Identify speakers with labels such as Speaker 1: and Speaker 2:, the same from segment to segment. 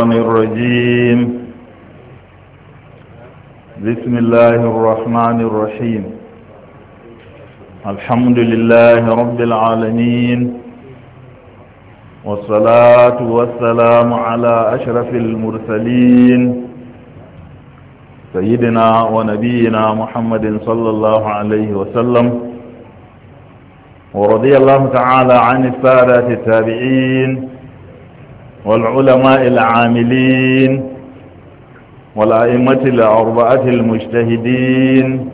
Speaker 1: الشيطان الرجيم بسم الله الرحمن الرحيم الحمد لله رب العالمين والصلاة والسلام على أشرف المرسلين سيدنا ونبينا محمد صلى الله عليه وسلم ورضي الله تعالى عن السادة التابعين والعلماء العاملين والأئمة الأربعة المجتهدين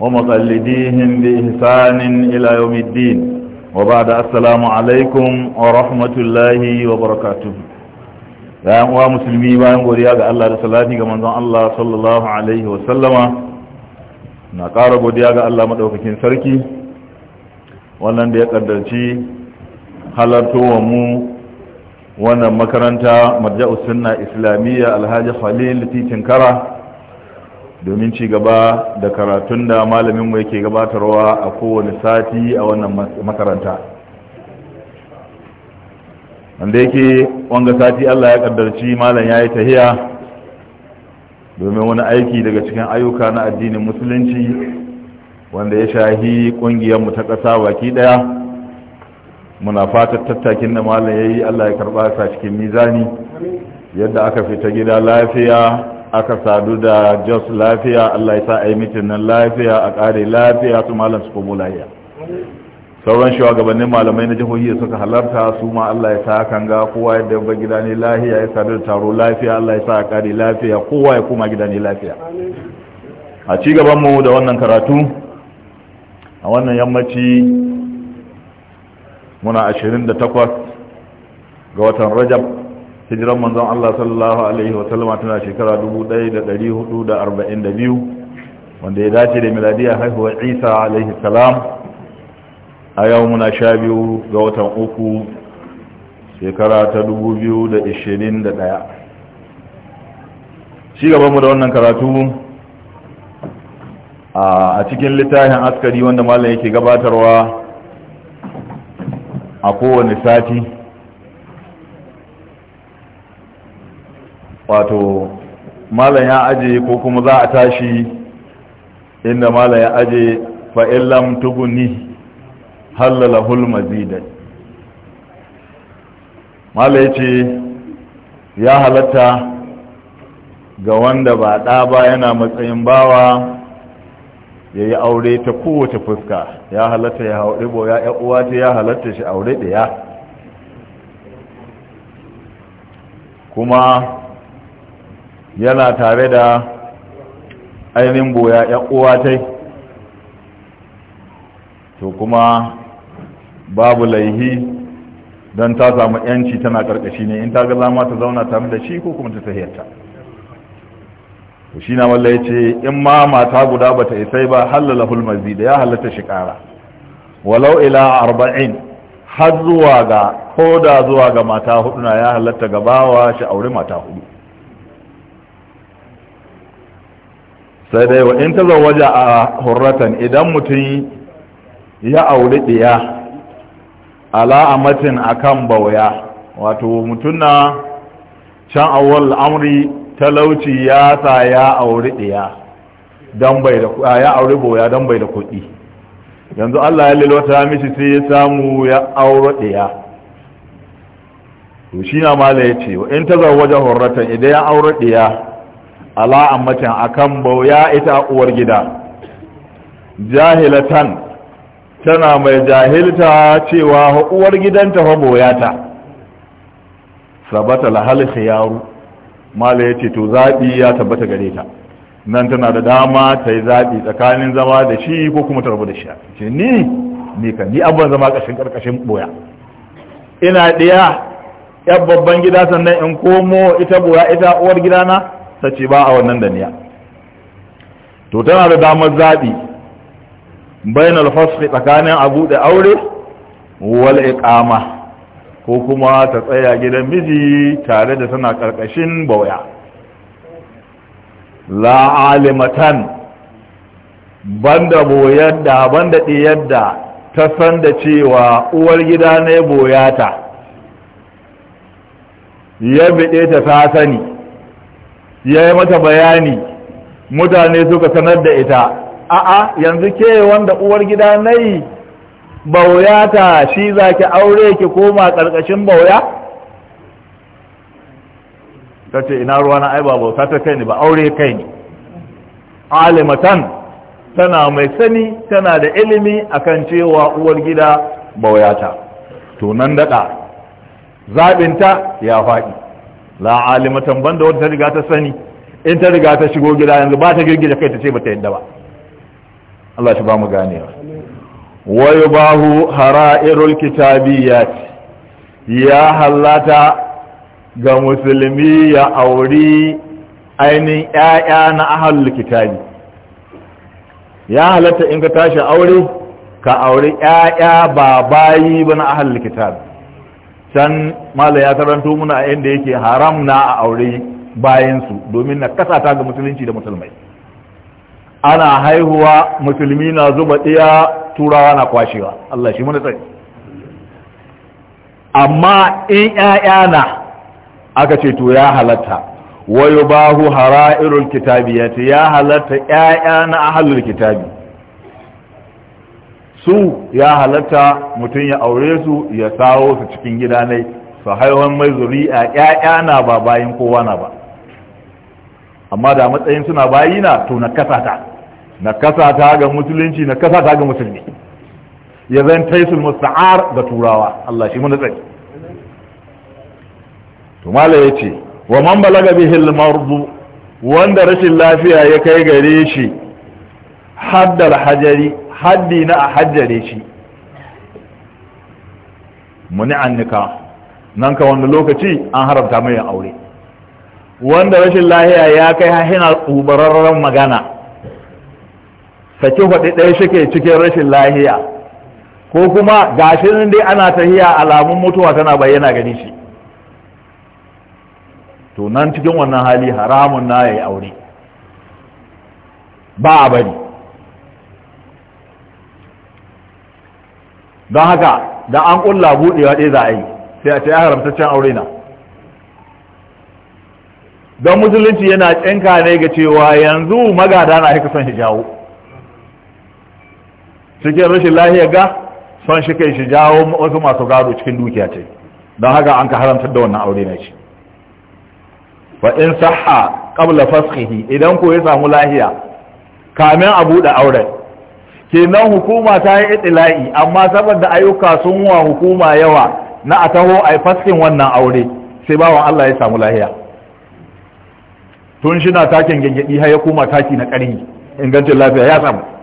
Speaker 1: ومقلديهم بإحسان إلى يوم الدين وبعد السلام عليكم ورحمة الله وبركاته يا أمواء مسلمي باهم ورياء الله لسلاتي كما نظام الله صلى الله عليه وسلم نقارب ورياء الله مدوككين سركي ولن ديقدر شيء halartowa mu wannan makaranta marja'u sunna islamiyya alhaji khalil titin kara domin ci gaba da karatun da malamin mu yake gabatarwa a kowane sati a wannan makaranta wanda yake wanga sati Allah ya kaddarci malam yayi tahiya domin wani aiki daga cikin ayyuka na addinin musulunci wanda ya shahi kungiyar mu ta ƙasa baki daya
Speaker 2: muna fatar tattakin da malam ya yi Allah ya karba sa cikin mizani yadda aka fita gida lafiya aka sadu da jos lafiya Allah ya sa a yi mitin nan lafiya a ƙare lafiya su malam su komo lafiya
Speaker 1: sauran shugabannin malamai na jihohi suka halarta su ma Allah ya sa kan ga kowa yadda ba gida ne lafiya ya sadu da taro lafiya Allah ya sa a ƙare lafiya kowa ya koma gida ne lafiya a ci gaban mu da wannan karatu a wannan yammaci muna 28 ga watan rajab hijiran manzon Allah sallallahu alaihi wa sallama tana shekara 1442 wanda ya dace da miladiya haihuwar Isa alaihi salam a yau muna 12 ga watan uku shekara ta 2021 shi gabanmu da wannan karatu a cikin littafin askari wanda malam yake gabatarwa a kowane sati wato malam ya aje ko kuma za a tashi inda malam ya aje fa'illam tuguni hallala hulmazidai malam ya ce ya halatta ga wanda ba ɗa ba yana matsayin bawa ya yi aure ta kowace fuska ya halatta ya haɗe boya ya uwa ta ya halatta shi aure ɗaya kuma yana tare da ainihin boya ya uwa ta to kuma babu laihi don ta samu yanci tana ƙarƙashi ne in ta ga zama ta zauna tare da shi ko kuma ta tahiyarta to shi na malla ce in ma mata guda bata isai ba halalahul da ya halatta shi kara walau ila arba'in har zuwa ga ko da zuwa ga mata hudu na ya halatta gabawa shi aure mata hudu sai dai wa in waje a hurratan idan mutum ya aure ɗiya ala a kan bauya wato mutum na can awal amri talauci ya sa ya auri ɗaya don bai da ya auri boya don bai da kuɗi yanzu Allah ya lilwata mishi sai ya samu ya auri ɗaya. to shi na ya ce in ta wajen horratan idan ya auri ɗaya ala ammacin akan bauya ita a uwar gida jahilatan tana mai jahilta cewa uwar gidanta fa boyata sabata lahal khiyaru mala ya ce to zaɓi ya tabbata gare ta nan tana da dama ta yi zaɓi tsakanin zama da shi ko kuma ta rabu da shi ce ni ni ka ni abban zama ƙashin ƙarƙashin boya ina ɗaya yan babban gida sannan in komo ita boya ita uwar na, ta ce ba a wannan da niya to tana da damar zaɓi bayan alfasfi tsakanin abu da aure wal iqama ko kuma ta tsaya gidan miji tare da tana ƙarƙashin bauya la alimatan banda boyar da banda diyar da ta san da cewa uwar gida ne boyata ya biɗe ta ta sani ya yi mata bayani mutane suka sanar da ita a'a yanzu ke wanda uwar gida na yi bauyata shi za ki aure ki koma ƙarƙashin bauya ta ce ina ruwa na aiba bauta ta kai ne, ba aure kai ne. alimatan tana mai sani tana da ilimi a kan cewa uwar gida bauyata tunan daɗa zaɓinta ya faɗi la alimatan banda wadda ta riga ta sani in ta riga ta shigo gida yanzu ba ta girgida kai ta ce ba ta yadda ba Allah shi ba mu ganewa ويباه هرائر الكتابيات يا هلاتا ga musulmi ya auri ainihin ‘ya'ya na ahalul kitabi ya halatta in ka tashi aure ka auri ‘ya'ya ba bayi ba na ahalul kitabi can mala ya karanto muna a inda yake haram na a aure bayansu domin na kasata ga musulunci da musulmai ana haihuwa musulmi na zuba ɗiya turawa na kwashewa Allah shi muna tsari amma in ƴaƴana na aka ce to ya halatta wayo bahu hara'irul kitabi ya ce ya halatta ƴaƴana na kitabi su ya halatta mutum ya aure su ya sawo su cikin gida ne su haihuwan mai zuri'a ƴaƴa na ba bayin kowa na ba amma da matsayin suna bayina to na kasa na kasa ta ga musulunci na kasa ta ga musulmi ya zan taisul musta'ar da turawa Allah shi muna tsari. to mala yace wa man balaga bihi al-mardu wanda rashin lafiya ya kai gare shi haddal hajari haddi na a hajjare shi muni an nika nan ka wani lokaci an haramta mai aure wanda rashin lahiya ya kai hahina ubararren magana saki faɗi ɗaya shike cikin rashin lahiya ko kuma gashi nan dai ana tahiya alamun mutuwa tana bayyana gani shi to nan cikin wannan hali haramun na yayi aure ba a bari don haka da an ƙulla buɗewa ɗaya za a yi sai a ce ya haramtaccen aure na don musulunci yana tsinka ne ga cewa yanzu magada na haka son hijawo cikin rashin lahiya ga son shi kai shi jawo wasu masu gado cikin dukiya ce don haka an ka haramtar da wannan aure na shi fa in sahha qabla fasqihi idan ko ya samu lahiya kamin a bude auren kenan hukuma ta yi itila'i amma saboda ayyuka sun wa hukuma yawa na a taho a faskin wannan aure sai bawan Allah ya samu lahiya tun shi na takin gangadi har ya koma taki na ƙarni ingancin lafiya ya samu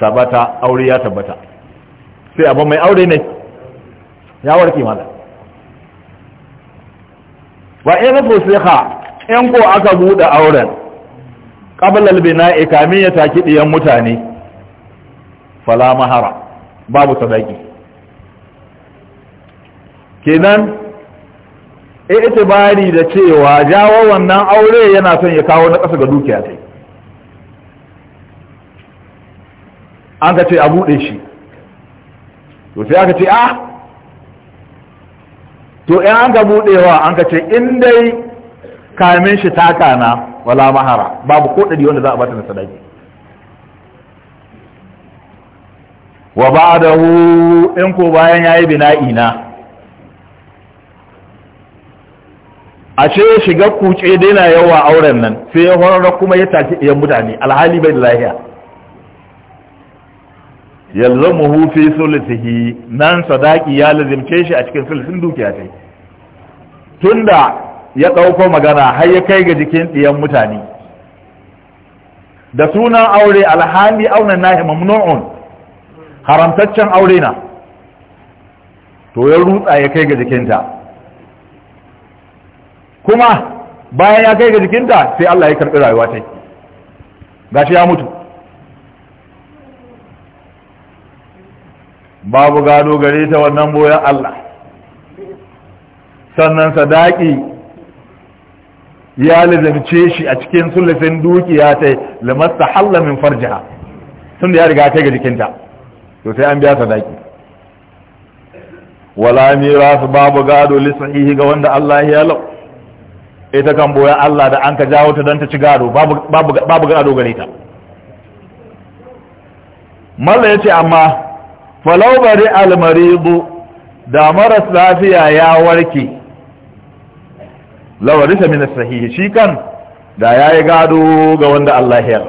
Speaker 1: sabata aure ya tabbata sai abin mai aure ne ya warke mala wa in ha in ko aka buɗe auren qabla al-bina'i kamin ya taki ɗiyan mutane fala mahara babu sadaki kenan e itibari da cewa jawo wannan aure yana son ya kawo na ƙasa ga dukiya ta an ka ce a buɗe shi to sai aka ce a ah! to in an ka buɗewa an ka ce in dai kamin shi taka na wala mahara babu ko ɗari wanda za a bata na sadaki wa hu in ko bayan ya yi bina'i na ashe ce shiga kuce daina yawa auren nan sai ya horar kuma ya tafi iyan mutane alhali bai da lahiya yalzamuhu fi sulisihi nan sadaki ya lazimce shi a cikin sulisin dukiya sai. tunda ya ɗauko magana har ya kai ga jikin ɗiyan mutane da sunan aure alhali auna nahi mamnu'un haramtaccen aure na to ya rutsa ya kai ga jikinta kuma bayan ya kai ga jikinta sai Allah ya karɓi rayuwa ta gashi ya mutu babu gado gare ta wannan boyan Allah sannan sadaki ya lalace shi a cikin sulufin dukiya ta limasta halla min farjiha tun da ya riga ta ga jikinta to sai an biya sadaki wala mirasu babu gado lisahihi ga wanda Allah ya lau ita kan boyan Allah da an ka jawo ta don ta ci gado babu gado gare ta malla ya ce amma falau bari almaribu da maras lafiya ya warke lawarisa min sahihi shi kan da ya yi gado ga wanda Allah ya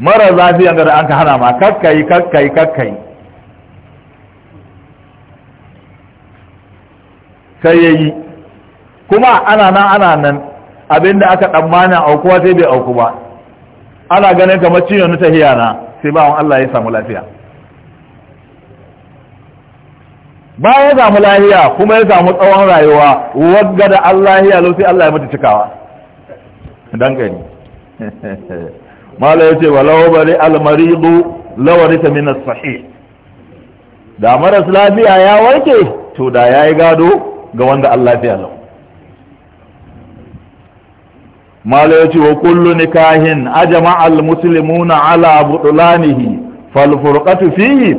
Speaker 1: mara lafiya da an ka hana ma kakkai kakkai kakkai sai ya yi kuma ana nan ana nan abinda aka tsammanin aukuwa sai bai auku ba ana ganin kamar cinye na tahiya na sai wani Allah ya samu lafiya Ba ya samu lahiya kuma ya samu tsawon rayuwa wadda da Allah ya lusi Allah ya mutu cikawa dan gani mala yace walau bari almaridu lawarisa min as sahi da maras lafiya ya warke to da ya yi gado ga wanda Allah ya lafiya ya ce wa kullu nikahin ajma al muslimuna ala butlanihi fal furqatu fihi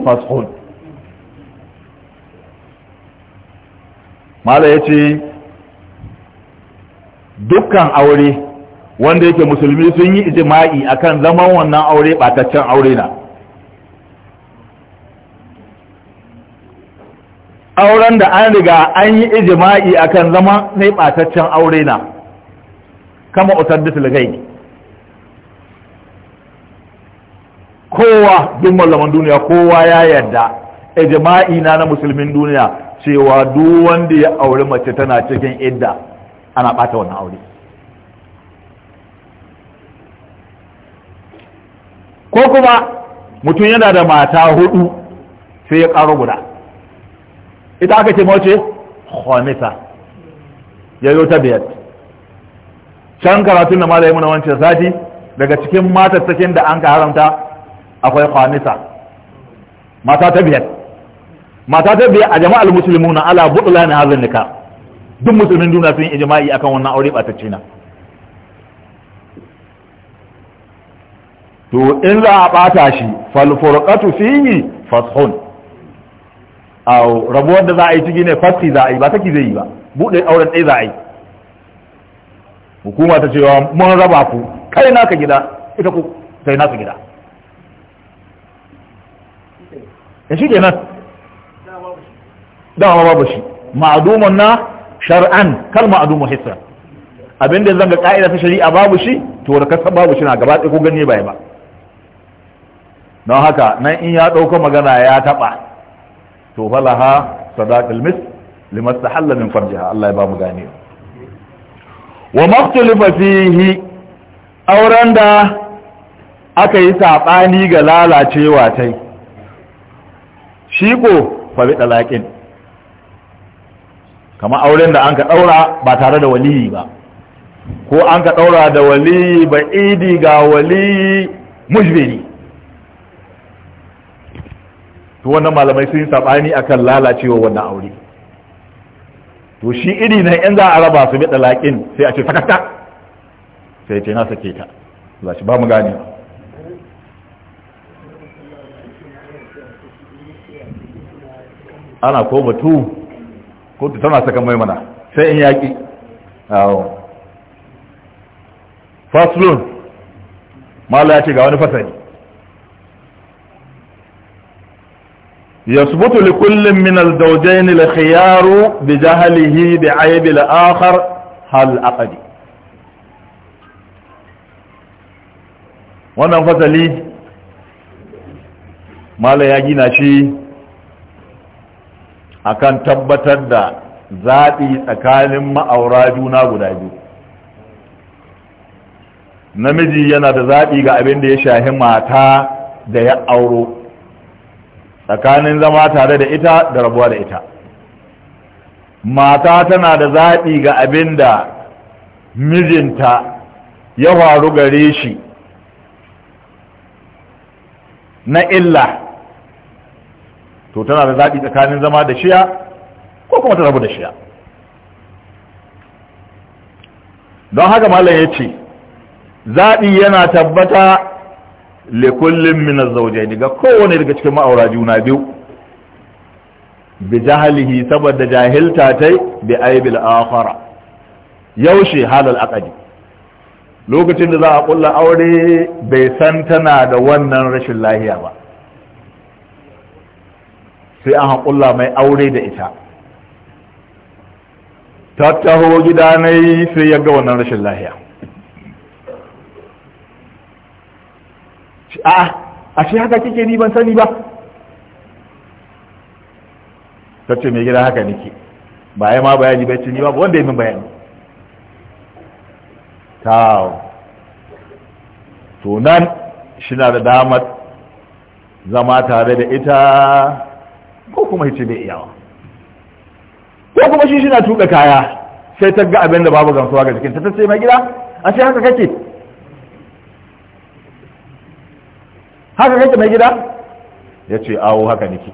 Speaker 1: malo ya ce dukkan aure wanda yake musulmi sun yi ijima'i akan zaman wannan aure bataccen aure na auren da an riga an yi ijima'i akan zama ne ɓataccen aure na kama usaddisul gaibi kowa duk mallaman duniya kowa ya yarda ijma'i na na musulmin duniya cewa duk wanda ya auri mace tana cikin idda ana bata wannan aure ko kuma mutum yana da mata hudu sai ya karo guda ita aka ce mace khamisa ya yi ta biyar can karatun da malayi muna wancan sati daga cikin matattakin da an ka haramta akwai kwanisa mata ta biyar mata ta biyar a jama'ar musulmi na ala buɗula na hazin nika duk musulmin duniya sun yi jima'i akan wannan aure ɓatacce na to in za a ɓata shi fi yi fashon. a rabuwar da za a yi ciki ne fasti za a yi ba saki zai yi ba buɗe auren ɗaya za a yi hukuma ta cewa mun raba ku kai naka gida ita ku sai naka gida ya shi kenan dama babu shi ma'adumun na shar'an kar ma'adumun hissa abinda ga ka'ida ta shari'a babu shi to warkasa babu shi na gaba ɗaya ko ganye bai ba don haka nan in ya ɗauka magana ya taɓa to falaha sadaqal mis limastahalla min farjiha Allah ya ba mu ganewa wa maktulifa fihi auren da aka yi saɓani ga lalacewa tai shi ko fabi ɗalaƙin kama auren da an ka ɗaura ba tare da waliyi ba ko an ka ɗaura da waliyi ba idi ga waliyi mujbiri to wannan malamai sun yi saɓani akan lalacewa wannan aure to shi iri na yan za a raba su bi dalakin sai a ce sakata sai ce na sake ta za shi ba mu gane ana ko batu ko ta tana saka mai mana sai in yaki. yaƙi faslun mala ya ce ga wani fasari يثبت لكل من الزوجين الخيار بجهله بعيب الآخر هل أقد wannan fasali mala ya gina shi akan tabbatar da zaɓi tsakanin ma'aura juna guda biyu namiji yana da zaɓi ga abin da ya shahi mata da ya auro tsakanin zama tare da ita da rabuwa da ita mata tana da zaɓi ga abin da mijinta ya faru gare shi na illa to tana da zaɓi tsakanin zama da shiya ko kuma ta rabu da shiya don haka malam ya ce zaɓi yana tabbata le kullum min az ga kowane daga cikin ma'aura juna biyu bi jahalihi saboda jahilta tai bi aibil akhara yaushe halal aqdi lokacin da za a kulla aure bai san tana da wannan rashin lahiya ba sai an haƙulla mai aure da ita ta taho gida sai ya ga wannan rashin lahiya a'a ashe haka kike ni ban sani ba tace mai gida haka nake ba ya ma bayani bai ce ni ba wanda ya min bayani tawo tunan shi na da damar zama tare da ita ko kuma hice bai iyawa ko kuma shi shi na tuka kaya sai ta ga abin da babu gamsuwa ga jikinta ta ce mai gida A ashe haka kake haka kake mai gida ya ce awo haka nake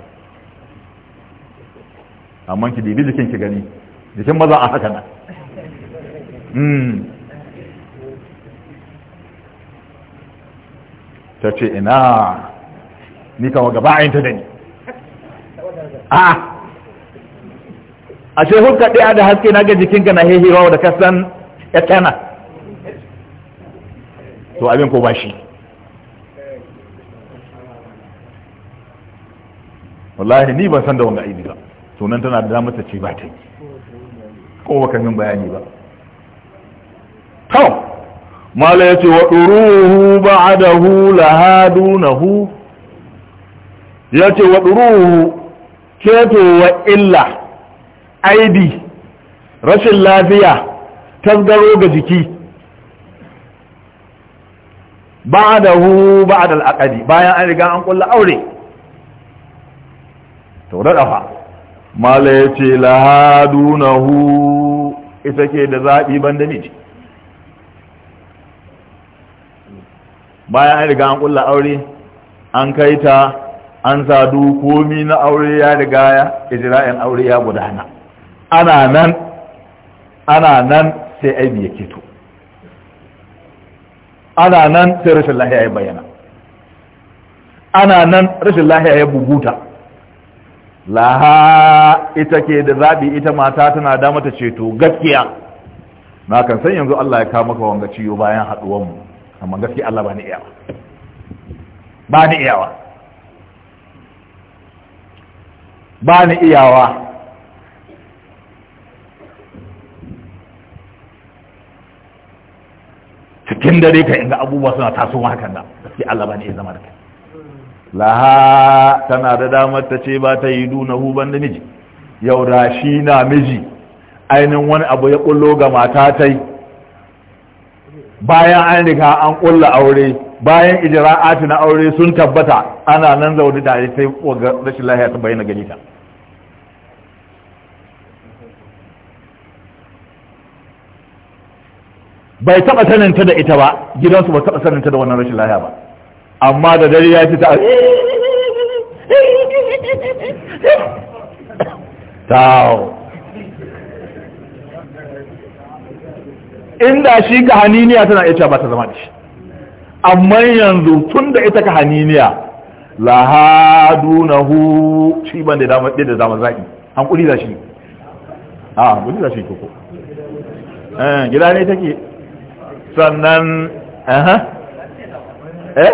Speaker 1: amma ki bibi jikin ki gani jikin maza a haka na hmm. ta ce ina ni kama gaba a yin da ni a a ce ka ɗaya da haske na ga jikinka na hehirawa da kasan ya tana to abin ko ba shi wallahi ni ban san da wanda aini ba tana da damar ta ce ba ta yi ko ba kan min bayani ba to mala yace wa duruhu ba'dahu lahadunahu yace wa duruhu keto wa illa aidi rashin lafiya tasgaro ga jiki ba'dahu ba'da da bayan an riga an kulla aure to da dafa mala ya ce lahadunahu ita ke da zaɓi ban da miji bayan an riga an ƙulla aure an kai ta an sadu komi na aure ya riga ya ijra'in aure ya gudana ana nan ana nan sai aibi ya keto ana nan sai rashin lahiya ya bayyana ana nan rashin lahiya ya buguta laha ita ke da zaɓi ita mata tana da mata ceto gaskiya na kan san yanzu Allah ya kawo maka wanga ciyo bayan haɗuwan mu amma gaskiya Allah ba ni iyawa ba ni iyawa ba ni iyawa cikin dare ka inga abubuwa suna tasowa hakan da gaskiya Allah ba ni iya zama da kai laha tana da damar ta ce ba ta yi duna huban da miji yau da shi na miji ainihin wani abu ya kullo ga mata ta yi bayan an riga an kulla aure bayan ijra'ati na aure sun tabbata ana nan zaune da sai rashin lahiya ta bayyana gani ta bai taba saninta da ita ba gidansu ba taba saninta da wannan rashin lahiya ba amma da dare ya ci ta tawo inda shi ga haniniya tana iya ba ta zama da shi amma yanzu tun da ita ka haniniya lahadunahu shi ban da dama da zama zaki an kuri da shi a kuri da shi koko eh gida ne take sannan eh eh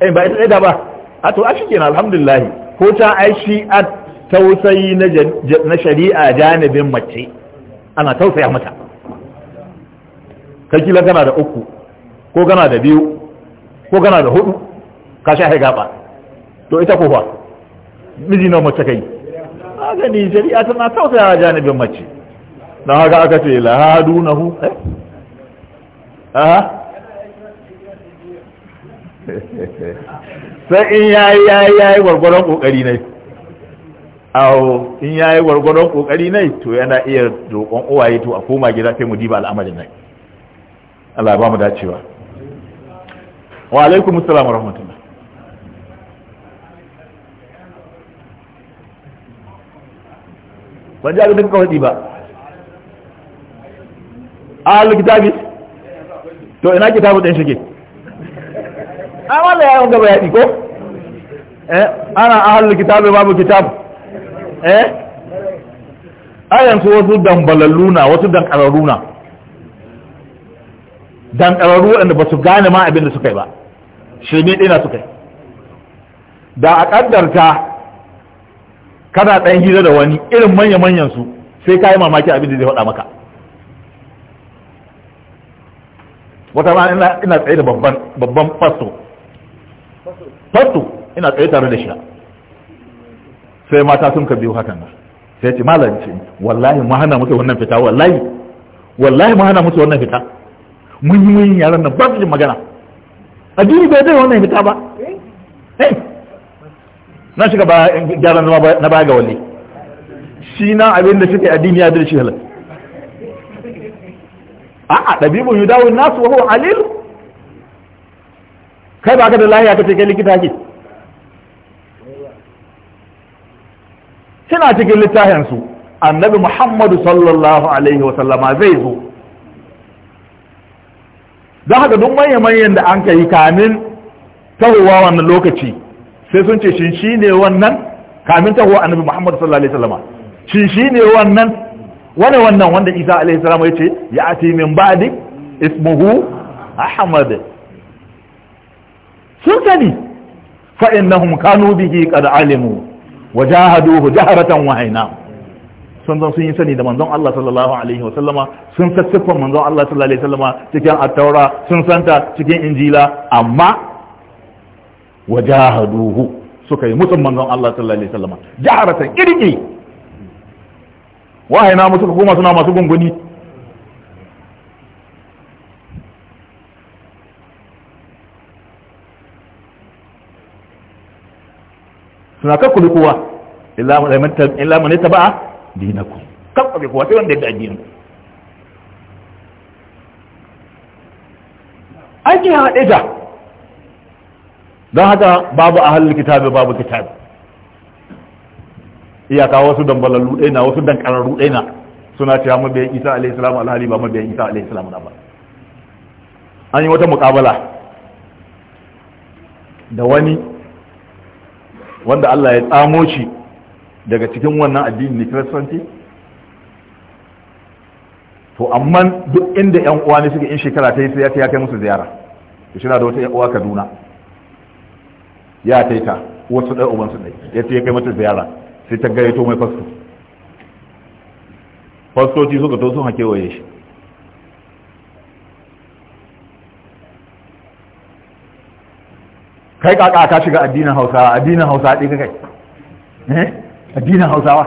Speaker 1: eh ba ita da ba a to a shikenan alhamdulillah ko ta ai shi a tausayi na shari'a janibin mace ana tausaya mata kai kila kana da uku ko kana da biyu ko kana da hudu ka sha gaba to ita ko fa miji na mace kai gani shari'a tana tausaya janibin mace na haka aka ce lahadunahu eh sai in yayi yayi yayi gwargwaron kokari ne awo in yayi gwargwaron kokari ne to yana iya roƙon uwaye to a koma gida sai mu diba al'amarin nan Allah ba mu dacewa wa alaikum assalam wa rahmatullah ban ji abin kawai ba a kitabi to ina kitabu ɗin shige amma da yaron gaba ya ko eh ana kitab kitabi babu kitab eh ayan su wasu dambalalluna wasu dan dankararru wanda ba su gane ma abin da suka yi ba shirme ɗina suka yi da a ƙaddarta kana ɗan hira da wani irin manya-manyan su sai ka yi mamaki abin da zai faɗa maka wata ma ina tsaye da babban fasto fattu ina tsaye tare da shi sai mata sun ka biyu hakan sai ce malam ce wallahi mu hana musu wannan fita wallahi wallahi mu hana musu wannan fita mun yi mun yaran nan ba su magana addini bai dai wannan fita ba eh na shiga ba gyaran na baya ga wali shi na abin da suke addini ya dace shi halal a'a dabibu yudawu nasu wa huwa alilu kai ba ka da lahiya ka ce kai likita ke suna cikin littafin su annabi muhammadu sallallahu alaihi wa sallama zai zo don haka duk manya-manyan da an ka yi kamin tahowa wannan lokaci sai sun ce shin shi ne wannan kamin tahowa annabi muhammadu sallallahu alaihi wa sallama shin shi ne wannan wane wannan wanda isa alaihi salama ya ce ya ati min ba'di ismuhu ahmad sun sani fa innahum kanu bihi qad alimu wa jahaduhu jaharatan wa aina sun zan sun yi sani da manzon Allah sallallahu alaihi wa sallama sun sassafan manzon Allah sallallahu alaihi wa sallama cikin at-taura sun santa cikin injila amma wa jahaduhu suka yi mutum manzon Allah sallallahu alaihi wa sallama jaharatan kirki wa aina musu kuma suna masu gunguni suna kakku bi kowa illa ta taba'a dinaku kakku kuli kowa sai wanda ya bi dinaku an yi haɗe ta don haka babu a halin kitabi babu kitabi iyaka wasu don ɗaya na wasu don ƙarar na suna cewa mabiyan isa alayhi salam alhari ba mabiyan isa alayhi salam na ba an yi wata muƙabala da wani wanda Allah ya tsamo shi daga cikin wannan addini ne kiristanci to amma duk inda yan uwa ne suke in shekara ta yi sai ya kai musu ziyara to shi da wata yan uwa Kaduna ya ta yi ta wasu ɗan uban su ne ya ta ya kai mata ziyara sai ta gayyato mai fasto fastoci suka to sun hakewaye shi kai kaka ka shiga addinin hausawa addinin hausawa ɗin kai eh addinin hausawa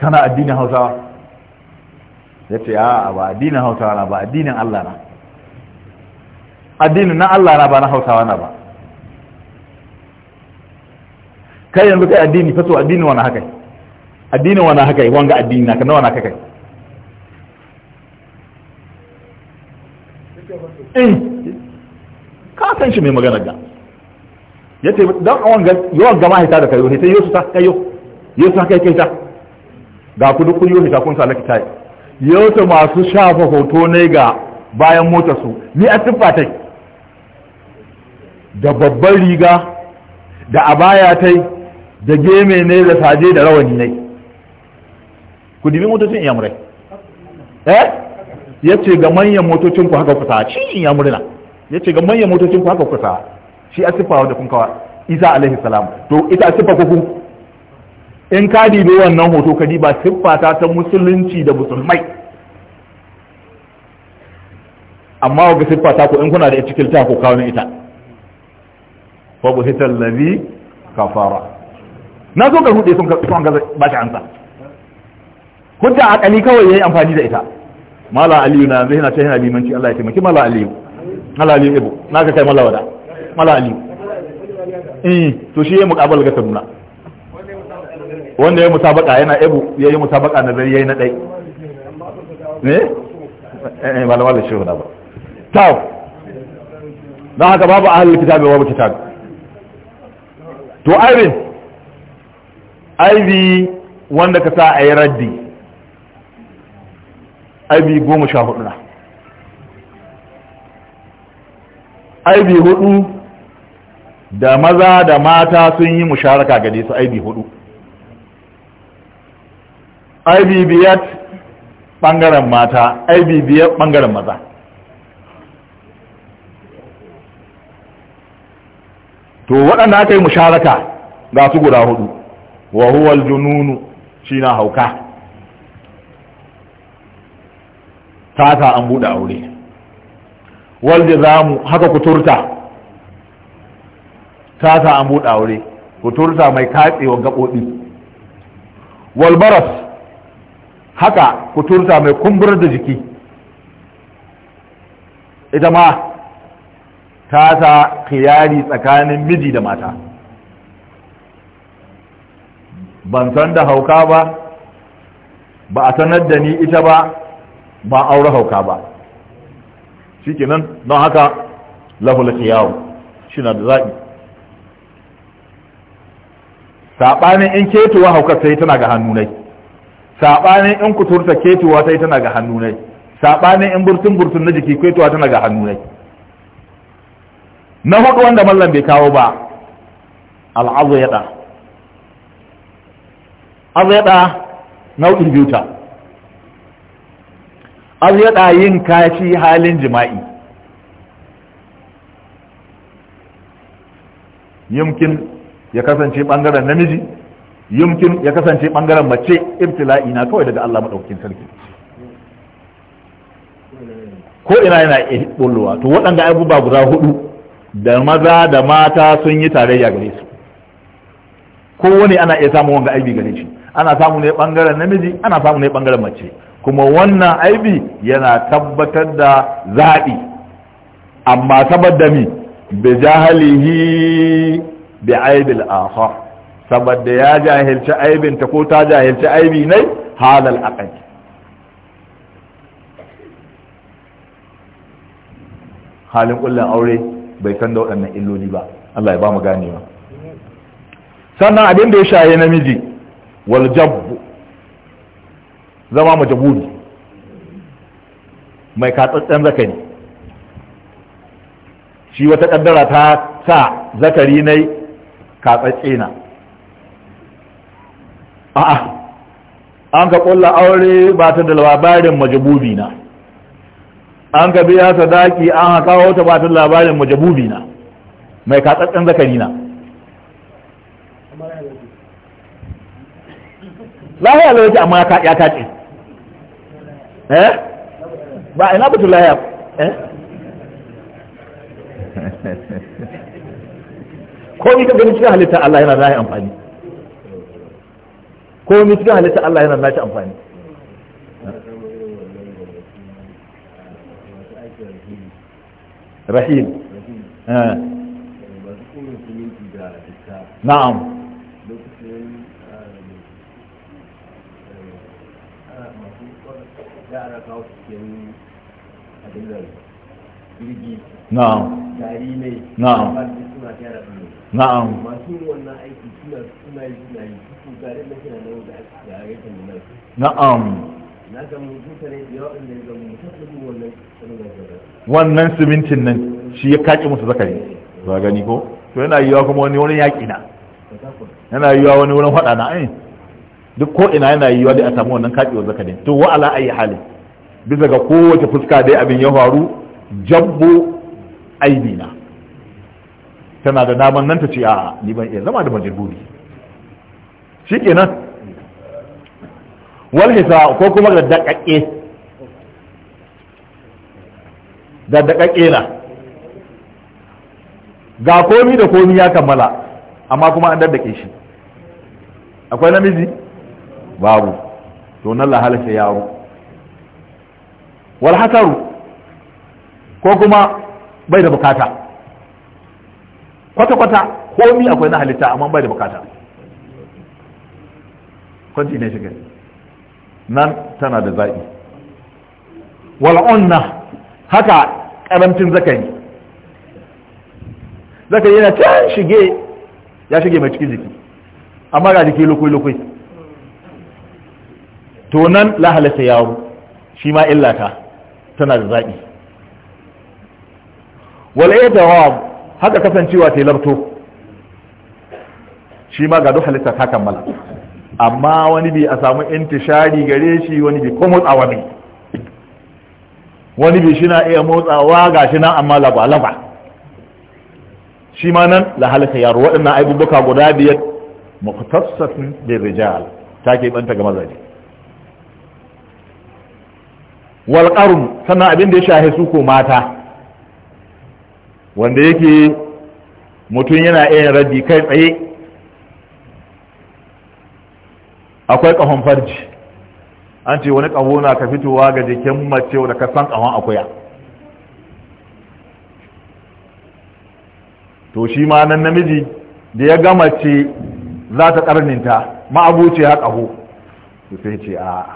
Speaker 1: kana addinin hausawa ya ce a ba addinin hausawa na ba addinin allah na addinin na allah na ba na hausawa na ba kai yanzu kai addini fato addinin wani haka addinin wani haka wanga addini na kana wani haka kai kan shi mai magana ga ya ce don awon ga yawan gama hita da kayo hita yosu ta kayo yosu ta kai kai ta ga kudu kun yosu ta kun sa laki tayi yosu masu shafa hoto ne ga bayan motar su ni a tuffa tai da babban riga da abaya tai da geme ne da saje da rawani ne ku dibi motocin iyamurai eh ya ce ga manyan motocin ku haka ku ta ci iyamurai na ya ce ga manyan motocin ku haka kusa shi a siffa da kun kawa isa alaihi salam to ita a siffa ku in ka dibe wannan hoto ka diba siffa ta ta musulunci da musulmai amma ga siffa ta ku in kuna da ita cikin ta ku kawo ita fa bu hital ladhi kafara na so ka hude sun ka sun ga ba shi ansa hujja akali kawai yayi amfani da ita mala aliyu na zai na cewa limanci Allah ya taimaki mala aliyu mala ibu na ka kai mala wada mala eh to shi ya muqabala ga kaduna wanda ya musabaka yana ibu ya yi musabaka na zai yayi na dai ne eh? Eh, eh mala wala shi ba taw dan haka babu ahlul kitabi babu kitabi to irin aibi wanda ka sa a yi raddi aibi goma sha hudu na aibi hudu da maza da mata sun yi musharaka gare su aibi hudu aibi biyar bangaren mata aibi biyar bangaren maza to waɗanda aka yi musharaka ga su guda hudu wa huwal jununu shi na hauka tata an buɗe aure wal mu haka ku turta, ta sa an buɗa aure ku turta mai katsewa gaɓoɓi walbaras haka ku turta mai kumbur da jiki ita ma ta sa kiyari tsakanin miji da mata ban san da hauka ba ba a sanar da ni ita ba ba aure hauka ba shikenan don haka lahul yawo shi na da zaɓi saɓanin in ketuwa haukar sai tana ga hannu nai saɓanin in kuturta ketuwa sai tana ga hannu nai saɓanin in burtun burtun na jiki ketuwa tana ga hannu nai na hudu wanda mallam bai kawo ba al'azu ya ɗa azu ya ɗa nau'in biyu az yada yin kashi halin jima'i yumkin ya kasance bangaren namiji yumkin ya kasance bangaren mace ibtila'i na kawai daga Allah madaukakin sarki ko ina yana bullowa to waɗanda abubuwa guda hudu da maza da mata sun yi tarayya gare su wani ana iya samun wanga aibi gare shi ana samu ne bangaren namiji ana samu ne bangaren mace kuma wannan aibi yana tabbatar da zaɓi amma saboda mi bi jahalihi bi aibil akhar saboda ya jahilci aibin ta ko ta jahilci aibi ne halal aqal halin kullun aure bai san da waɗannan illoli ba Allah ya ba mu ganewa sannan abin da ya shaye namiji wal jabbu zama majaburi mai katsatsen zakari shi wata kaddara ta sa zakari na katsatse na a'a an ka kulla aure ba ta da labarin majabubi na an ka biya sadaki an kawo ta ba ta labarin majabubi na mai katsatsen zakari na lahiya lokaci amma ya kace eh ba ina batun laya eh ko ka gani cikin halitta Allah yana zai amfani ko ni cikin halitta Allah yana zai amfani rahim eh. na'am na'am tari ne wannan simintin nan shi ya kaki musu zakari ba gani ko to yana yiwa kuma wani wurin yaƙi na yana yiwa wani wurin faɗa na ai eh. duk ko ina yana yiwa da a samu wannan wa zakarin to wa ala ayi hali. bisa ga kowace fuska dai abin ya faru jabbo aibina tana da daman nan ta ce a ni ban iya zama da shi ke wal hisa ko kuma da daƙaƙe. da daƙaƙe na ga komi da komi ya kammala amma kuma an daddake shi akwai namiji babu to nan la halasa yaro Walhasaru ko kuma bai da bukata kwata-kwata komi akwai na halitta amma bai da bukata kwanci ne shiga nan tana da zaɓi wal'onna haka karamcin zakari zakari yana can shige ya shige mai cikin jiki amma ga jiki lukwai-lukwai to nan lahalasta yawo shi ma illata tana da zaɓi da idgham haka kasancewa ta labto shi ma ga duk halitta ta kammala amma wani bi a samu intishari gare shi wani bi ko motsawa ne wani bi shi na iya motsawa ga shi nan amma laba-laba shi ma nan la yaro waɗannan aibubuka guda biyar muqtasatin da rijal ta ke banta ga mazaje walƙarun sannan abin da ya shahe su ko mata wanda yake mutum yana iya raddi kai tsaye akwai ƙahon farji an ce wani ƙaho na ka fitowa ga jikin mace da ka san ƙahon akuya to shi ma nan namiji da ya gama ce za ta ƙarninta ma'abuce ya ƙaho Su sai ce a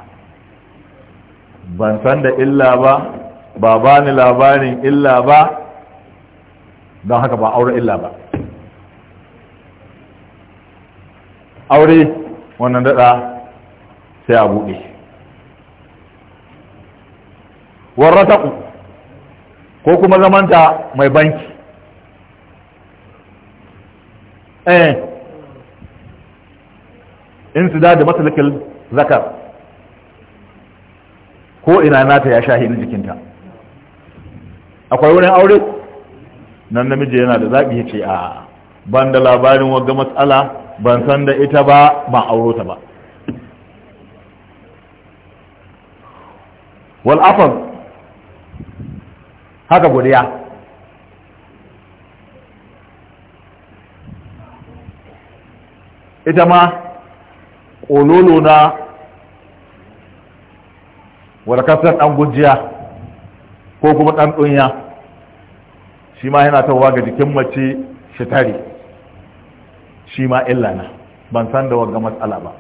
Speaker 1: ban san da illa ba ba ba ni labarin illa ba don haka ba aure illa ba aure wannan dada sai a buɗe ku, ko kuma zamanta mai banki eh in su da matsalikil zakar ko ina nata ya shahi jikinta akwai wurin aure nan namiji yana da zaɓi ya ce a ban da labarin wagga matsala ban san da ita ba ba auro ta ba wal'afan haka godiya ita ma ƙololo na warkasar ɗan gujiya ko kuma ɗan ɗunya shi ma yana tawa ga jikin mace shi tare shi ma illa na ban san da wanga matsala ba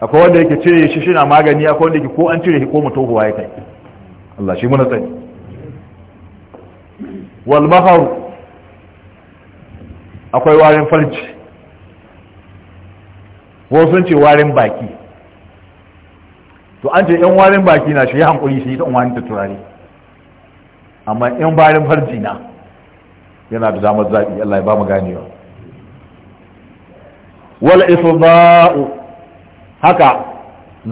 Speaker 1: akwai wanda yake cire shi shi na magani akwai wanda yake ko an cire shi ko mutu huwa ya kai Allah shi muna tsani wal mahar akwai warin farci ko sun ce warin baki to an ce yan warin baki na shi ya hankuli shi ta unwani ta turare amma in bayan farji na yana da damar zaɓi Allah ya ba mu ganewa isu ba'u haka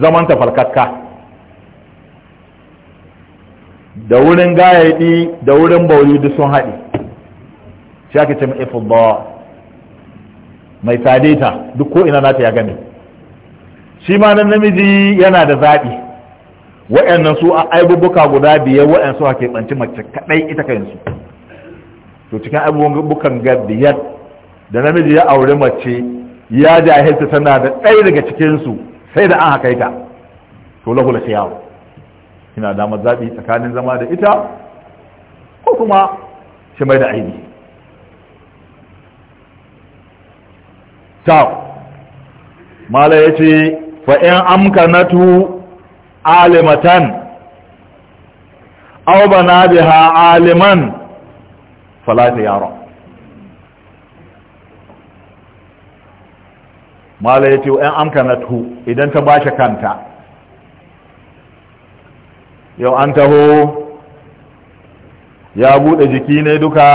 Speaker 1: zaman tafalkakka da wurin gayaɗi da wurin bauri duk sun haɗi shi ake ce mai ifda'u mai sadeta duk ko'ina ina nata ya gane shi ma nan namiji yana da zaɓi wa'annan su a aibubuka guda biyar su a keɓanci mace kaɗai ita kansu to cikin aibubukan ga biyar da namiji ya aure mace ya jahilta tana da ɗaya daga cikinsu sai da an haka ita to la khiyaw Ina da zaɓi tsakanin zama da ita ko kuma shi mai da aibi ta mala ya ce fa'in amkanatu alimatan aw bana biha aliman fala tiyara mala yace an amkanatu idan ta bashi kanta yau an taho ya bude jiki ne duka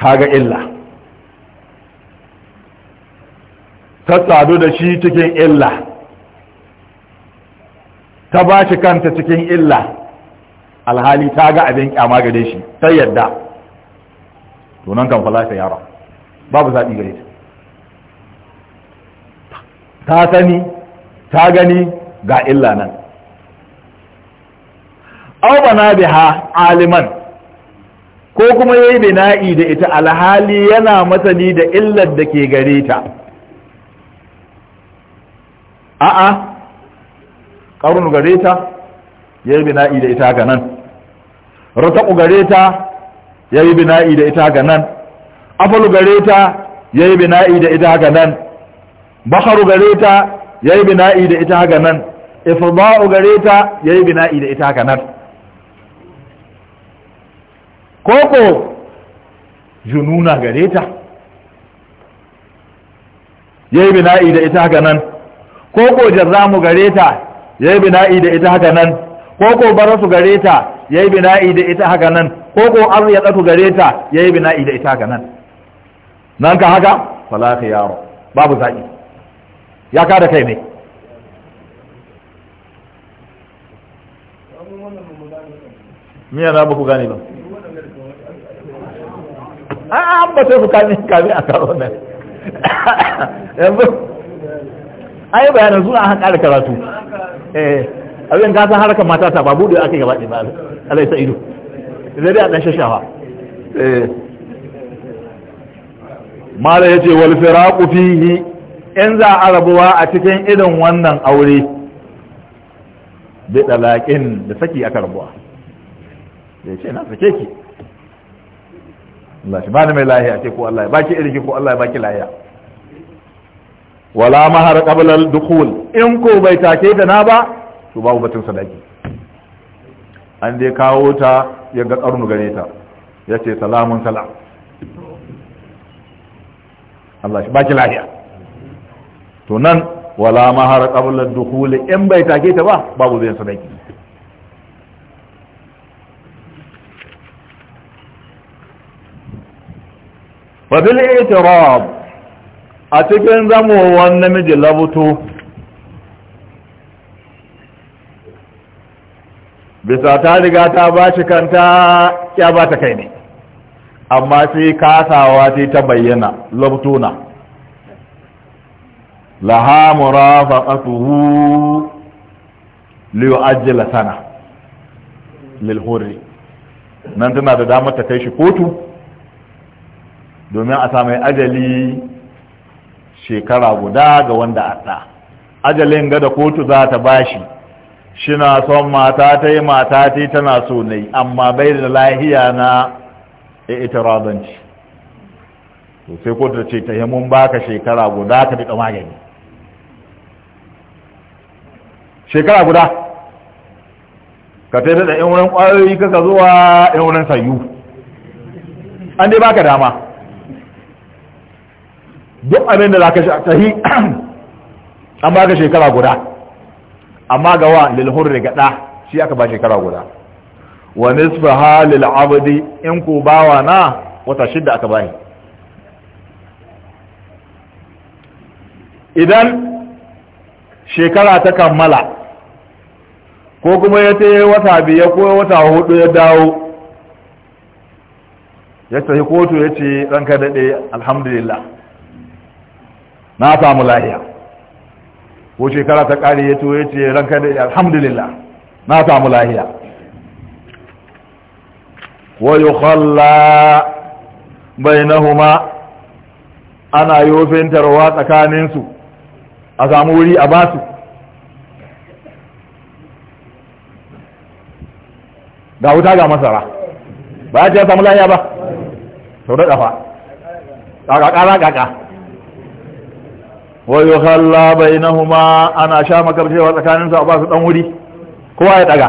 Speaker 1: ta ga illa ta sadu da shi cikin illa ta ba shi kanta cikin illa alhali ta ga abin kyama gare shi ta yadda to nan kan fala ta yara babu zaɓi gare ta ta sani ta gani ga illa nan bana biha aliman ko kuma yayi bina'i da ita alhali yana masani da illar da ke gare ta a'a ƙarun gare ta ya yi bina'i da ita ga nan rataku gare ta ya yi bina'i da ita ga nan afalu gare ta ya yi bina'i da ita ga nan bakaru gare ta ya yi bina'i da ita ga nan ifba'u gare ta ya yi bina'i da ita ga nan koko jununa gare ta ya yi bina'i da ita ga nan koko jarramu gare ta ya yi bina'i da ita haka nan ko ko bara su gare ta ya yi bina'i da ita haka nan ko ko an arziyatu gare ta ya yi bina'i da ita haka nan nan ka haka fala khiyara babu zaki ya ka da kai ne miya na ba ku gane ba a an ba sai ku kame kame a karo nan yanzu ai bayanan zuwa an ƙara karatu eh abin ka san harkar mata ta ba bude ake gaba ɗaya ba alai sa ido zai a ɗan shashawa eh ya ce wal firaqu fihi in za a rabuwa a cikin irin wannan aure bai ɗalaƙin da saki aka rabuwa ya ce na sake ki Allah shi bani mai lahiya ce ko Allah ya baki ki ko Allah ya baki lahiya wala mahar qablal dukhul in ko bai take da na ba to babu batun sadaki an dai kawo ta ya ga karnu gare ta ya ce salamun salam Allah shi baki lahiya to nan wala mahar qablal dukhul in bai take ta ba babu zai sadaki fa bil i'tirab a cikin zamowar namiji labuto bisa ta riga ta ba shi kanta ya ba ta kai ne amma sai kasawa sai ta bayyana labtuna laha murafaqatuhu liyu'ajjila sana lil hurri nan tana da damar ta kai shi kotu domin a samu ajali shekara guda ga wanda adda ajalin ga da kotu za ta bashi Shi na son mata ta yi mata ta yi tana so ne amma bai da lahiya na ita rabanci to sai kotu ce ta yi mun baka shekara guda ka bi magani shekara guda ka ta da in wurin kwayoyi kaka zuwa in wurin sayu an dai baka dama duk abin da za ka tahi an ba ka shekara guda amma ga wa lilhurri ga gada shi aka ba shekara guda wa nisfa halil abdi in ku wa na wata shidda aka bani idan shekara ta kammala ko kuma ya ta wata biya ko wata hudu ya dawo ya tafi kotu ya ce ranka daɗe alhamdulillah na samu lahiya ko shekara ta kare ya ce ya ce ranka da alhamdulillah na samu lahiya wa na huma ana tarwa tsakaninsu a samu wuri a su ga wuta ga masara ba ya ce ya samu lahiya ba sau da ƙafa ƙaƙa ƙaƙa wa na bainahuma ana sha makarcewa tsakanin su a ba su dan wuri kowa ya daga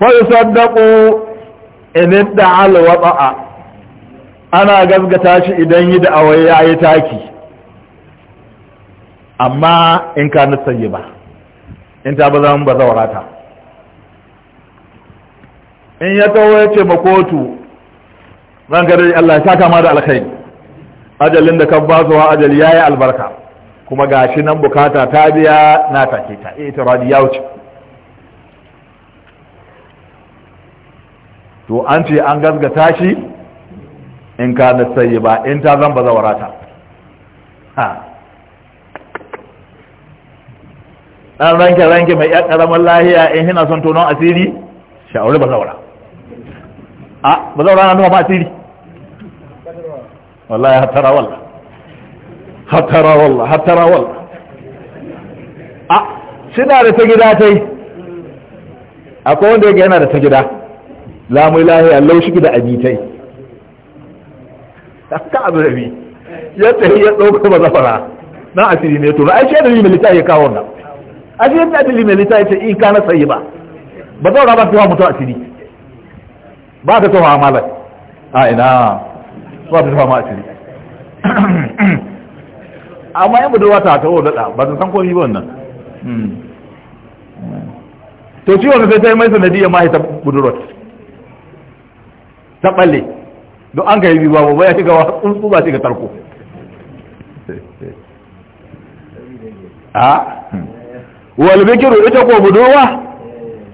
Speaker 1: wa yusaddaqu in da'al wada'a ana gaskata shi idan yi ya yayi taki amma in ka nutsaye ba in ta ba mu ba zaurata in ya tawo ya ce makotu zan gari Allah ya saka ma da alkhairi ajalin da kan basuwa ajali ya yi albarka kuma gashi nan bukata ta biya na take ta eh, radi ya wuce to an ce an gasgata shi in ka na sayi ba in ta zan ba zawara ta ha ɗan ranke ranke mai yan ƙaramin lahiya in hina son tonon asiri sha'auri ba a ba zaura na nuna asiri wallahi hatara wallah hatara wallah hatara wallah a suna da ta gida ta yi akwai wanda yake yana da ta gida lamu ilahi allau shi gida abitai ka abu rabi ya ya ɗauka ba zafara na asiri ne to ai shaidar yi milita ya kawo wannan asiri da dalilin milita ya ce in ka na sayi ba ba zaura ba ta mutu asiri ba ka tawa amalar a ina ba fama a ciri amma yan budurwa ta tawo daɗa ba ta san komi ba wannan hmm. to ciwon sai ta yi mai sanadi ya sanadiyar mahaita budurwa ta ɓalle don an ka yi biyu ba ba ya shiga wa tsuntsu ba shiga tarko a ah, hmm. walbikiru ita ko budurwa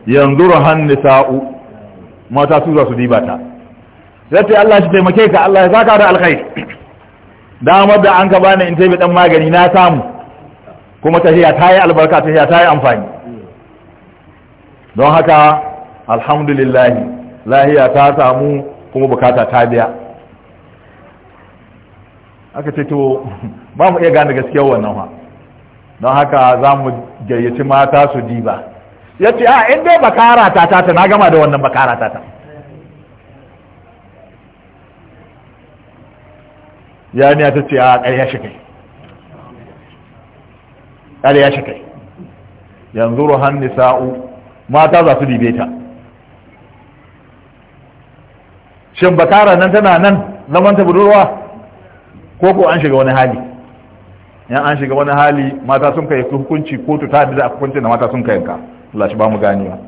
Speaker 1: yanzu rahan nisa'u mata su za su diba ta zai Allah shi taimake ka Allah ya saka da alkhairi damar da an ka bani in taimi dan magani na samu kuma tahiya ta yi albarka tahiya ta yi amfani don haka alhamdulillah lahiya ta samu kuma bukata ta biya aka ce to ba mu iya gane gaskiyar wannan ha don haka za mu gayyaci mata su diba ya ce a inda bakara ta ta na gama da wannan ta ta ya ta ce a ƙarya shi kai ƙarya shi kai yanzu ruhan nisa'u mata za su dibe ta shin bakara nan tana nan zaman ta budurwa ko ko an shiga wani hali yan an shiga wani hali mata sun kai hukunci kotu ta da hukuncin da mata sun kayanka ka Allah shi ba mu ganewa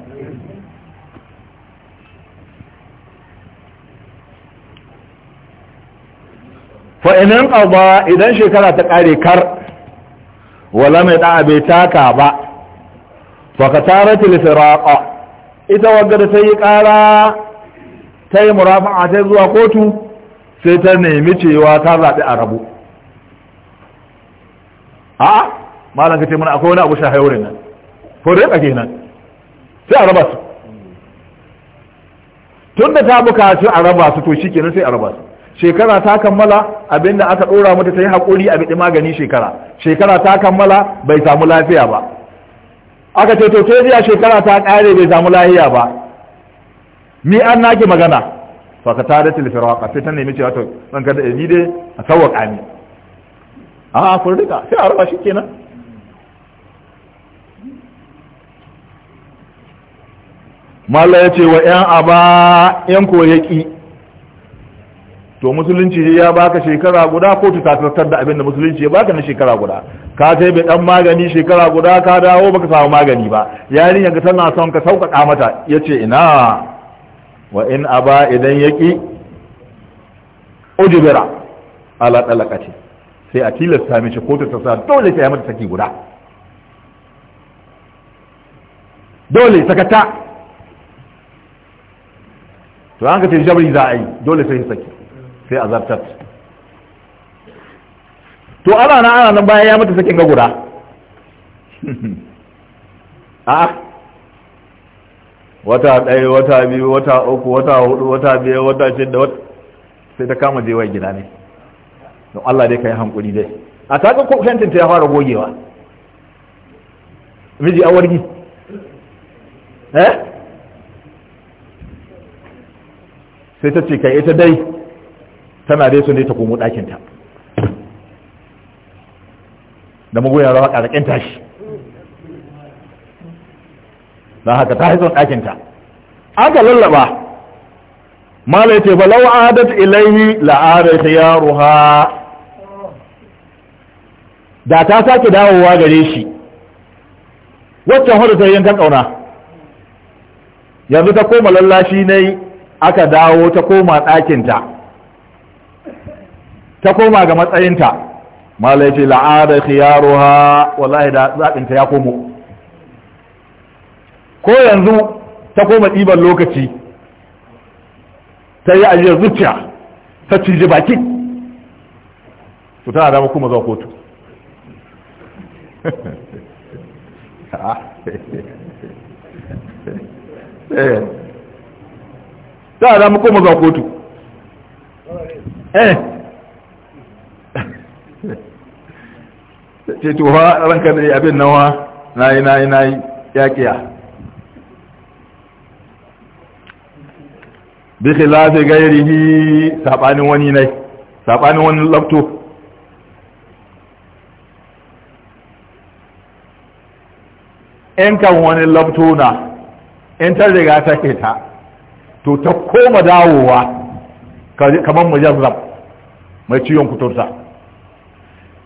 Speaker 1: fa inin qada idan shekara ta kare kar wala mai da bai taka ba fa katarat al firaqa ita wadda ta yi kara ta yi murafa'a ta zuwa kotu sai ta nemi cewa ta zaɓi a rabu a malam ce mana akwai wani abu wurin nan ko da yaka nan sai a raba su tun da ta bukaci a raba su to shi sai a raba su shekara ta kammala abinda aka ɗora mata ta yi haƙuri a biɗi magani shekara shekara ta kammala bai samu lafiya ba aka ce to sai jiya shekara ta ƙare bai samu lafiya ba ni an naki magana ka ta da tilfirawa sai ta nemi cewa to zan kada ni dai a sauwaƙa ni a furdika sai a raba shi kenan mallah ya ce wa ‘yan aba ‘yan koyaki to musulunci ya baka shekara guda ko ta tattar da abin da musulunci ya baka na shekara guda ka kai bai dan magani shekara guda ka dawo baka samu magani ba yarinyar ka tana son ka sauƙaƙa mata yace ina wa in aba idan yaki ujbira ala talaqati sai a tilasta mishi ko ta tsasa dole sai ya mata saki guda dole sakata to an ka ce jabri za a yi dole sai saki sai a zartar to ana na ana nan bayan ya mata sakin ga guda a wata ɗaya wata biyu wata uku wata hudu wata biyar wata shidda wata sai ta kama jewa gida ne don Allah dai ka yi hankuli dai a taƙa kwantin ta ya fara gogewa miji a wargi eh sai ta ce kai ita dai tana dai su ne ta komo ɗakinta da magoya rawa ƙarƙin tashi na haka ta haifar ɗakinta ga lallaba malai ce ba lau adat ilaihi la'adar ta yaro ha da ta sake dawowa gare shi waccan hudu ta yankan ƙauna yanzu ta koma lallashi ne aka dawo ta koma ɗakinta ta koma ga matsayinta malai ce la'ada khiyaruha wallahi da zaɓinta ya komo ko yanzu ta koma ɗiban lokaci ta yi ajiyar zuciya ta ciji baki to tana dama kuma zuwa kotu eh, ta dama kuma zuwa kotu eh ce to ha ranka ne abin nawa nayi nayi nayi yaƙiya bi khilafi gairihi saɓanin wani ne saɓanin wani lafto in kan wani lafto na in ta riga ta ke ta to ta koma dawowa kamar mujazzab mai ciwon kuturta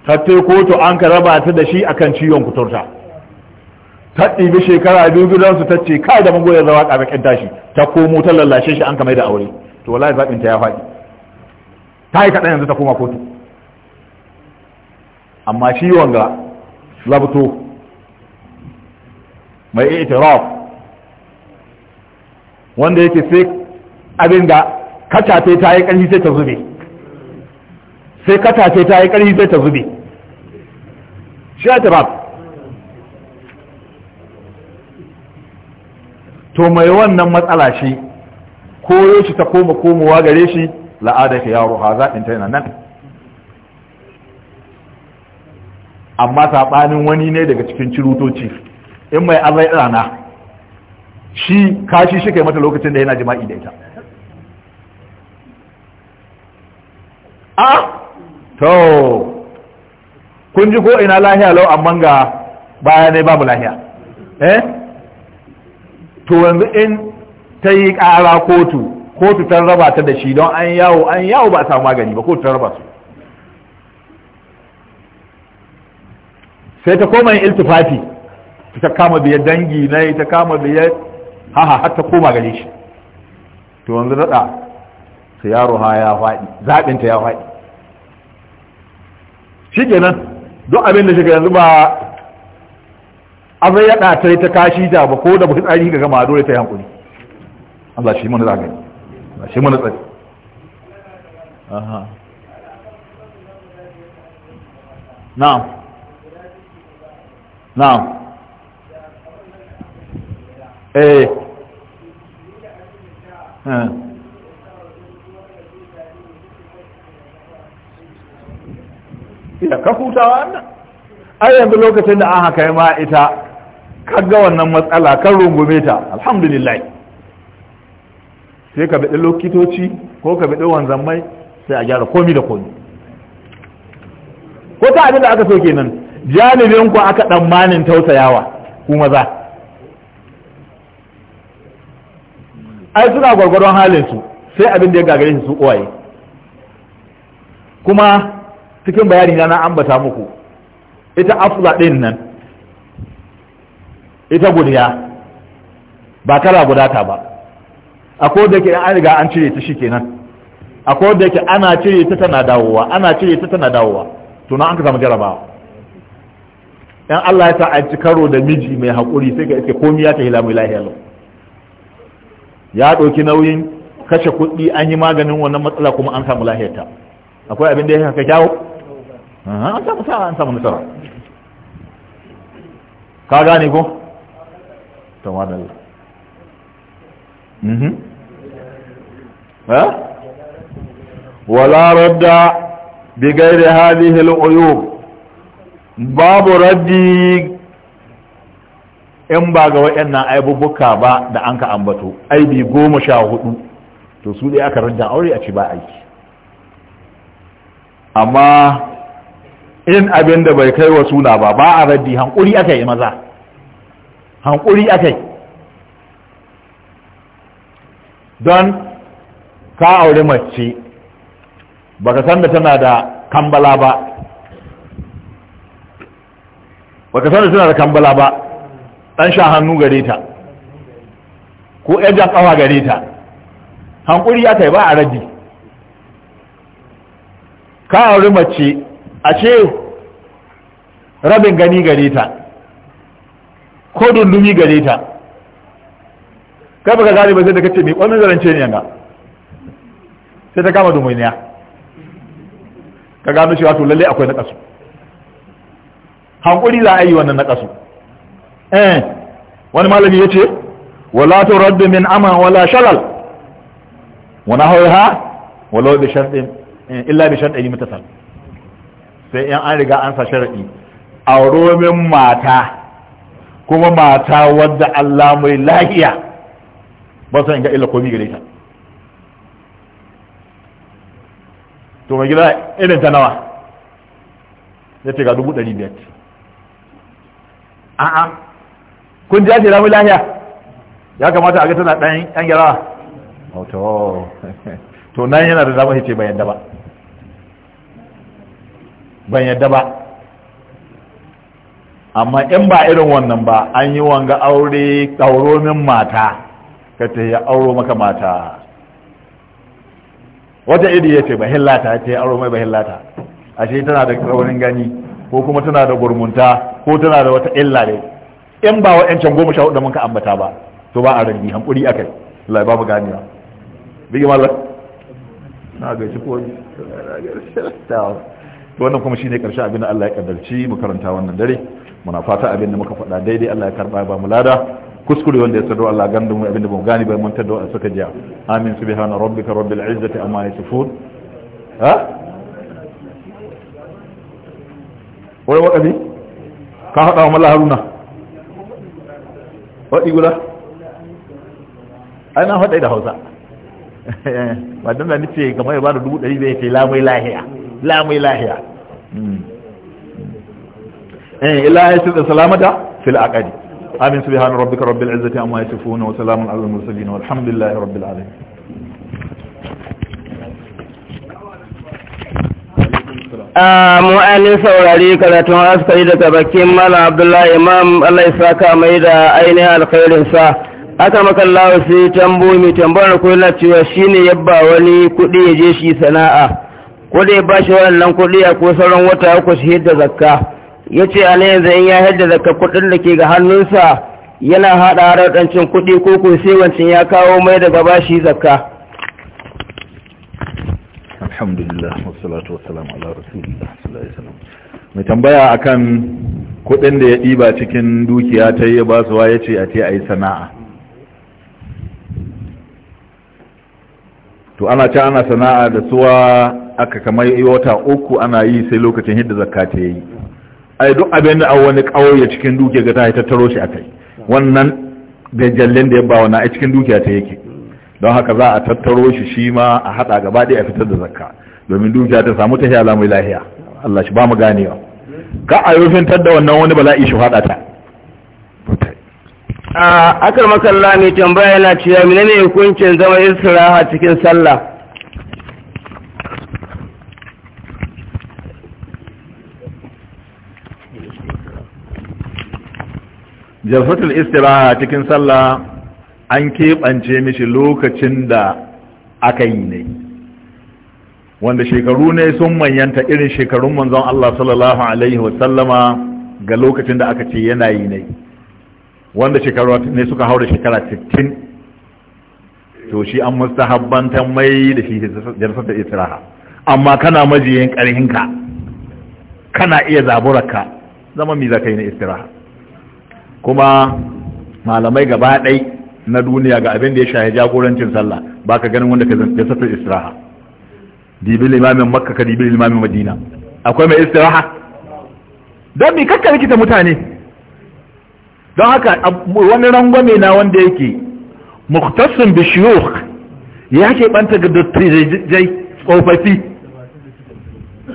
Speaker 1: hatta kotu an ka raba ta da shi akan ciwon kuturta ta ɗibi shekara biyu gidansu ta ce kai da magoyar zawa ƙabakin tashi ta komo ta lallashe shi an ka mai da aure to wallahi zaɓin ta ya faɗi ta yi kaɗan yanzu ta koma kotu amma ciwon ga labto mai itiraf wanda yake sai abin da kacace ta yi ƙarfi sai ta zube sai katace ta yi ƙarfi sai ta zube shi ya ba to mai wannan matsala shi koyo shi ta koma komowa gare shi la'ada ka yaro ha za in tana nan amma saɓanin wani ne daga cikin cirutoci in mai azai rana shi kashi shi kai mata lokacin da yana jima'i da ita ah! to kun ji ko ina lahiya lau amma ga baya ne babu lahiya eh to yanzu in ta yi ƙara kotu kotu ta raba ta da shi don an yawo an yawo ba a samu magani ba kotu ta raba su sai ta koma yin iltifafi ta kama biyar dangi na ta kama biyar haha har ta koma gare shi to yanzu daɗa su yaro ha ya faɗi zaɓinta ya faɗi shi kenan duk abin da shiga yanzu ba azai ya ɗata ta kashi ta ba ko da ba tsari ga gama dole ta yi hankuli Allah shi mana zagani Allah shi mana tsari na'am na'am eh, eh. ila ka hutawa wannan ai yanzu lokacin da an haka ma ita kaga wannan matsala kan rungume ta alhamdulillah sai ka bi lokitoci ko ka biɗi wanzamai sai a gyara komi da komi ko ta abin da aka so kenan jalibin ku aka manin tausayawa ku maza ai suna gwargwaron halin su sai abin da ya gagare su su uwaye kuma cikin bayani na ambata muku ita afla din nan ita gudiya ba kala gudata ba akwai da ke an riga an cire ta shi kenan akwai da ke ana cire ta tana dawowa ana cire ta tana dawowa tunan an ka samu jarabawa in Allah ya sa a ci karo da miji mai haƙuri sai ka iske komi ya ta hila mai lahiya ya ɗauki nauyin kashe kuɗi an yi maganin wannan matsala kuma an samu ta. akwai abin da ya haka kyawo an samu sa'a an samu nasara ka gane ko tawadalla mhm ha wala radda bi ghairi hadhihi al-uyub babu raddi in ba ga waɗannan aibubuka ba da an ka ambato aibi goma sha hudu to su dai aka rajin aure a ci ba aiki amma in abin da bai kai wa suna ba ba a raddi hankuri aka yi maza hankuri aka yi don ka aure mace ba ka san da tana da kambala ba ba ka san da tana da kambala ba dan sha hannu gare ta ko yajan kawa gare ta hankuri aka yi ba a raddi ka aure mace a ce rabin gani gare ta ko dundumi gare ta kai baka gane ba sai da kace mai kwanin zarance ne yanga sai ta kama dumuniya ka gano shi wato lalle akwai na kasu hankuri za a yi wannan na kasu eh wani malami ya ce wala to turaddu min ama wala shalal wa nahawha walau bi shartin eh, illa bi shartin mutasal sai in an riga an sa sharaɗi romin mata kuma mata wadda Allah mai lahiya ba su ga illa komi gare ta to mai gida irin ta nawa ya ce ga dubu ɗari biyar a'a kun ji ake ramu lahiya ya kamata a ga tana ɗan yan gyara to nan yana da zama ce bayan da ba ban yadda ba amma in ba irin wannan ba an yi wanga aure ƙauromin mata ka ta yi auro maka mata wata iri ya ce bahillata ce ya auro mai bahillata ashe tana da raunin gani ko kuma tana da gurmunta ko tana da wata illa ne in ba wa 'yancin goma sha hudu mun ka ambata ba to ba a rangi hankuri akai Allah ba mu ba bigi mallam na ga shi ko na ga shi wannan kuma shine karshe abin da Allah ya kaddarci mu karanta wannan dare muna fata abin da muka faɗa daidai Allah ya karba ba mu lada kuskure wanda ya tsaro Allah gandu mu abin da mu gani bai mun tada a suka jiya amin subhana rabbika rabbil izzati amma yasifun ha wai wa kabi ka hada mu mala haruna wa guda ai na hada da Hausa ba dan da nace kamar ya ba da dubu 100 bai kai lamai lahiya lamai lahiya إن إلا يسد da في fil آمين سبحان ربك رب العزة أما amma وسلام wa المرسلين والحمد لله رب العالمين alamin ah, mu'anin saurari karatun
Speaker 3: askari daga bakin mala abdullahi imam allah isa kamai da ainihin alkhairinsa aka makallawa sai tambo mai tambar kula cewa shine yabba wani kudi ya je shi sana'a ko da ya bashi waɗannan kuɗi a ko sauran wata uku shi yadda zakka ya ce a yanzu in ya yadda zakka kuɗin da ke ga hannunsa yana haɗa har cin kuɗi ko ko sai wancan ya kawo mai daga bashi zakka
Speaker 1: alhamdulillah wassalatu wassalamu ala rasulillah sallallahu alaihi wasallam mai tambaya akan kuɗin da ya ɗiba cikin dukiya ta yi ba suwa ya ce a ce a yi sana'a to ana ce ana sana'a da suwa aka kamar yi wata uku ana yi sai lokacin hidda zakka ta yi ai duk abin da a wani ƙauye cikin duke ga ta tattaro shi akai wannan da jallin da ya ba wani a cikin dukiya ta yake don haka za a tattaro shi shi ma a haɗa gaba ɗaya a fitar da zakka domin dukiya ta samu ta hiyala mai lahiya Allah shi ba mu ganewa ka a rufin da wannan wani bala'i shi haɗa ta a akar
Speaker 3: makalla tambaya yana cewa menene ne hukuncin zama istiraha cikin sallah
Speaker 1: jalsatul istiraha cikin sallah an keɓance mishi lokacin da aka yi ne wanda shekaru ne sun manyanta irin shekarun manzon Allah sallallahu alaihi wasallama ga lokacin da aka ce yana yi ne wanda shekaru ne suka haura shekara 60 to shi an mustahabbantan mai da shi jalsatul istiraha amma kana majiyin ƙarhinka kana iya zaburarka zama mi zakai na istiraha kuma malamai gaba ɗai na duniya ga abin da ya shahi jagorancin sallah ba ka ganin wanda ka zanta istiraha dibi limamin makka ka dibi limamin madina akwai mai istiraha don mi kakka rikita mutane don haka wani rangwame na wanda yake muktasin bishiyuk ya ke banta ga jai tsofaffi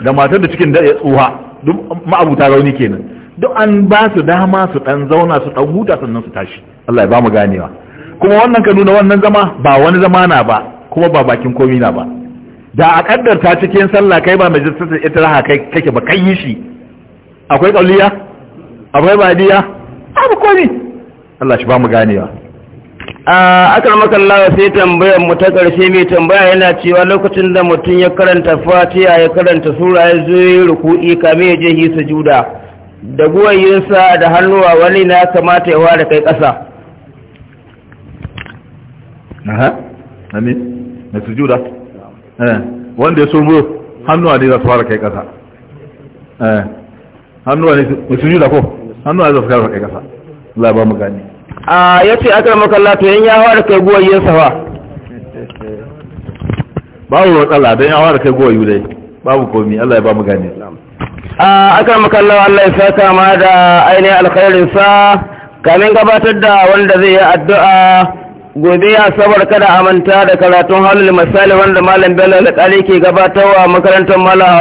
Speaker 1: da matar da cikin da ya tsuha duk ma'abuta rauni kenan duk an ba su dama su dan zauna su dan huta sannan su tashi Allah ya ba mu ganewa kuma wannan ka nuna wannan zama ba wani zama na ba kuma ba bakin komi na ba da a kaddarta cikin sallah kai ba majalisar ita raha kai kake ba kai shi akwai kauliya akwai badiya abu komi Allah shi ba mu ganewa
Speaker 3: a akarmakan lawa sai tambayar mu ta karshe mai tambaya yana cewa lokacin da mutum ya karanta fatiha ya karanta sura ya zo ruku'i kame ya je hisa juda da guwayinsa da hannuwa wani na kamata yawa da kai ƙasa
Speaker 1: aha amin na sujuda eh, wanda ya surbo hannuwa ne za su fara kai ƙasa eh, hannuwa ne mai sujuda ko hannuwa za su fara kai ƙasa Allah ba mu gani
Speaker 3: a yace aka
Speaker 1: makalla to yan yawa da kai guwayinsa fa babu matsala don yawa da kai guwayu dai babu komi Allah ya ba mu gani
Speaker 3: akan makalla Allah ya saka ma da ainihin sa kamin gabatar da wanda zai yi addu'a gobe ya sabar kada a manta da karatun halul misali wanda malam bello alƙali ke gabatarwa makarantar malam